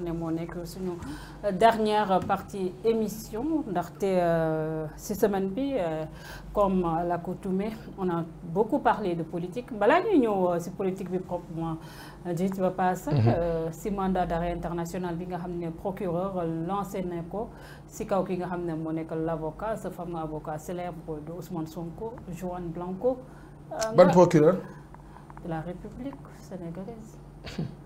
ne dernière partie émission ndaxte cette euh, semaine bi euh, comme la coutume, on a beaucoup parlé de politique balaa nous ñëw ci euh, politique bi proprement dit pas paase mhm. six mandat d'arrêt international bi nga procureur l'ancien éco, ci kaw ki nga l'avocat ce fameux avocat célèbre de Sonko johan Blanco ban procureur de la République sénégalaise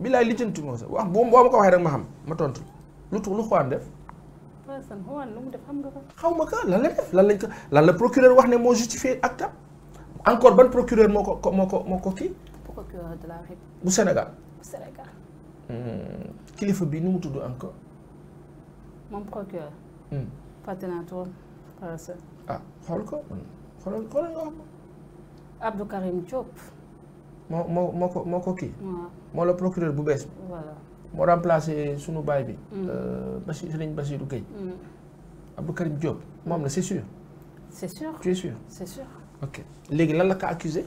billaay lijjanti moo sa wax boo boo ma ko waxee rek ma xam ma tontu lu tu lu xuwaan def. xaw ma ka lan la def lan la procureur wax ne moo justifié ak tam encore ban procureur moo ko moo ko moo bu Sénégal. Hmm. kilifa bi nu mu tudd encore. moom procureur. Hmm. ah xool ko xoolal nga wax ko. Abdou Karim Je suis moo le procureur bu remplacé sunu baay bi. Mm. Euh, Basi Serigne Bassirou mm. Diop sûr. C'est sûr tu es sûr. C'est sûr. ok lan la accusé.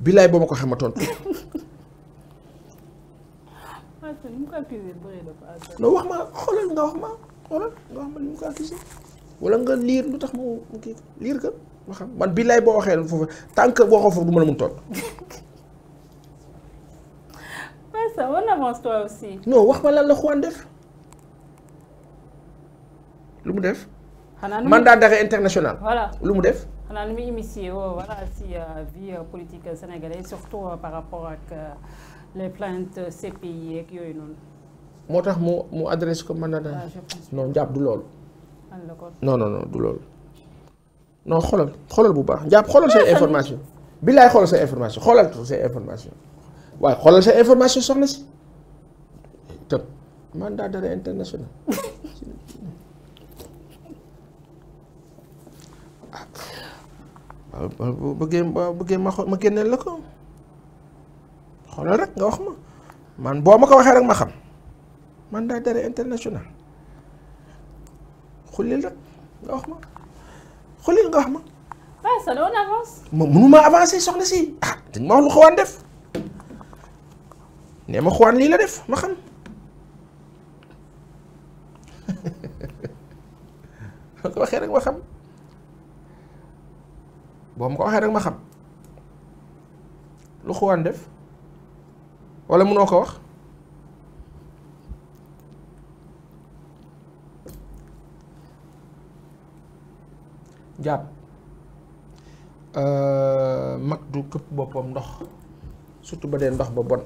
Bilay, boo ko accusé accusé man tant que vous avez ton ça on avance toi aussi. non wax ma lan la def lu mandat d'arrêt international. voilà lu def. Oh, voilà si euh, vie euh, politique euh, sénégalaise surtout par rapport à les plaintes CPI yoy adresse ko mandat ah, non de du non non non non xoolal xoolal bu baax jàpp xoolal say information billaay xoolal say information xoolal say information waaye xoolal say information soxna si tëb mandat d'arrêt international waaw bëggee bëggee ma ma génneel la ko xoolal rek nga wax ma man boo ma ko waxee rek ma xam mandat d'arrêt international xullil rek nga wax ma xoolil nga wax ma. waaw avancer soxna si ah dañ ma wax lu xawaan def nee ma xawaan lii la def ma xam ma ko waxee rek ma xam boo ma ko waxee rek ma xam lu xawaan def wala mënoo ko wax. jàpp euh, mag du këpp boppam ndox surtout ba dee ndox ba bon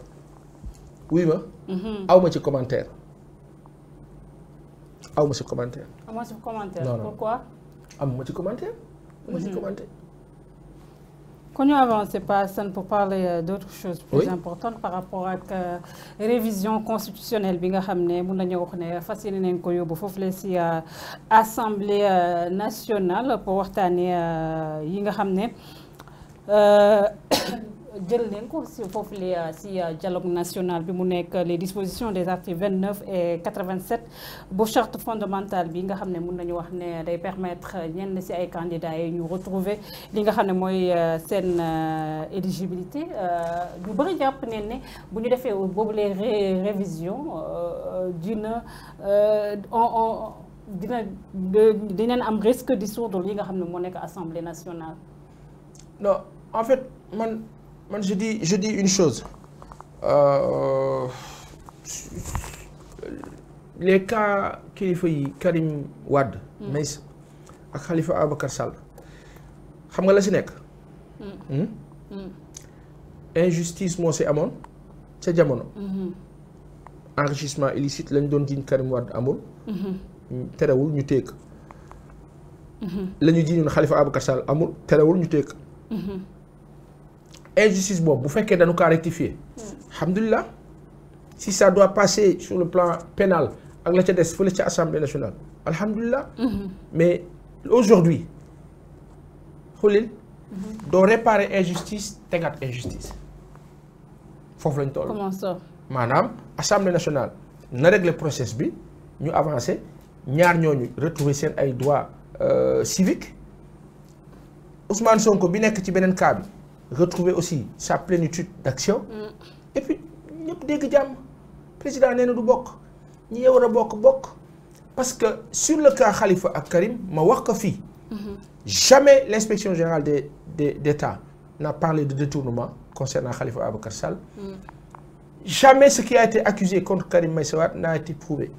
wuy ma mhm. aw ci commentaire aw ci commentaire aw ci commentaire pourquoi aw ma ci commentaire ma ci mhm. commentaire Quand nous avance, pas Hassan pour parler euh, d'autres choses plus importantes par rapport à la euh, révision constitutionnelle. Binga Hamne, Mounanyokne, Fasiline Nkoyo, Bofoflesi, euh, Assemblée euh, nationale pour Wartane, euh, Yinga Hamne. Euh, jël leen ko si foofu le si dialogue national bi mu nekk les dispositions des articles 29 et 87 bu charte fondamentale bi nga xam ne mun nañu wax ne day permettre ñenn si ay candidats yi ñu retrouver li nga xam ne mooy euh, seen euh, éligibilité euh, ñu bëri jàpp ne ne bu ñu defee boobu les révision dina on dina dinañ am risque di dissoudre li nga xam ne moo nekk assemblée nationale non en fait man man je dis je dis une chose euh, les cas kilifa yi Karim Wade. Hmm. mais ak Khalifa Ababacar Sall xam nga la si nekk. Hmm. Hmm? injustice moo C'est amoon ca -hmm. enrichissement illicite lañ doon jiñ Karim Wade amul. terewul ñu téeg. la ñu jiñoon Khalifa Ababacar Sall amon. terewul ñu téeg injustice vous que que dañu nous rectifier Alhamdulillah. si ça doit passer sur le plan pénal ak la des assemblée nationale Alhamdulillah. Mhm. mais aujourd'hui xulil mhm. de réparer injustice tegaat injustice Comment ça Madame, Madame, assemblée nationale nous régler le processus, nous avons avancé, nous retrouver retrouvé ay droits euh, civiques Ousmane Sonko bi nekk ci un cas retrouver aussi sa plénitude d'action. Mm. et puis nous avons Le président nee na du bokk ñi ñee war a parce que sur le cas Khalifa ak Karim ma mm-hmm. jamais l'inspection générale d'État n'a parlé de détournement concernant Khalifa Abakar Sall. Mm. jamais ce qui a été accusé contre Karim Meïssa n'a été prouvé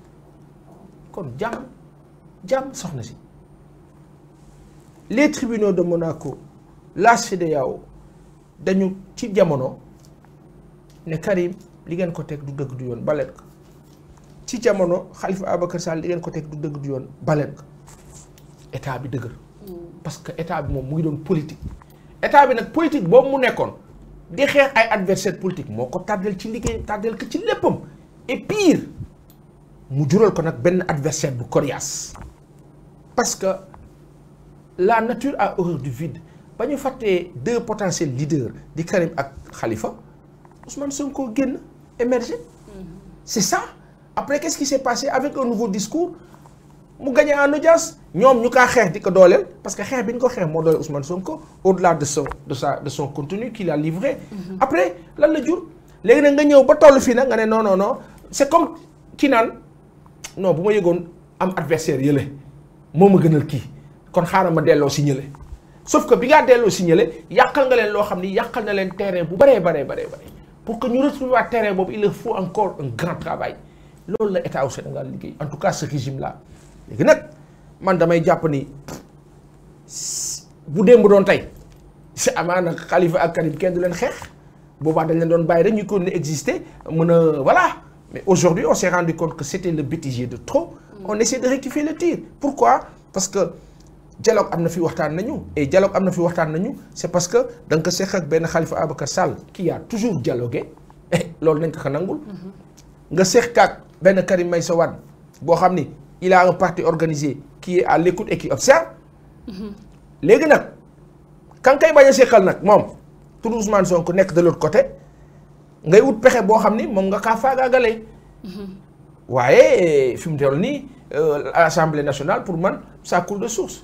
kon Jam jam, les tribunaux de Monaco la CDAO, dañu ci jamono ne Karim li ko teg du dëgg du Khalifa Sall li ko teg du dëgg du yoon baleen parce que état bi moom ngi politique. état bi politique boobu mu nekkoon di xeex adversaire politique et pire mu jural ko nag adversaire parce que la nature a horreur du vide ba ñu fàttee deux potentiels leaders di Karim ak Khalifa Ousmane Sonko a émergé. Mm-hmm. c'est ça après qu'est-ce qui s'est passé avec le nouveau discours mu gagné en audience Nous, ñu gagné xeex audience. parce que xeex biñ ko xeex mo doy Ousmane Sonko au-delà de son contenu qu'il a livré. Mm-hmm. après lan la jour légui nag nga ñëw ba tollu fi nak nga non non non c'est comme Kinan. naan non bu y a am adversaire yele moma gagné. gënal ki kon xaram ma délo si sauf que bi ngaa delloo signalé yàqal nga leen loo xam ni na leen terrain bu bëree baree baree bëri pour que ñu retrouver terrain boobu il faut encore un grand travail loolu la état au Sénégal liggéey en tout cas ce régime là léegi nag man damay jàpp ni bu démb doon tey C'est amaana Khalifa ak Karim kenn du leen xeex boobaa dañ leen doon bàyyi rek ñu ko exister voilà mais aujourd'hui on s'est rendu compte que c'était le bêtisier de trop mm. on essaie de rectifier le tir pourquoi parce que dialogue am na fi waxtaan nañu et dialogue am na fi waxtaan nañu c'est parce que da nga ko seq ak benn Khalifa Ababacar Sall qui a toujours dialogué eh, loolu nañ ko ko nangul nga seq ak benn Karim Meïssa Wade boo xam ni il a un parti organisé qui est à lécout et qui observe léegi nag kankay kay bañ a seqal nag moom tur Ousmane Sonko nekk de l'autre côté ngay wut pexe boo xam ni moom nga kaa faagaagalee waaye fi mu toll nii euh, à l'Assemblée nationale pour man ça de source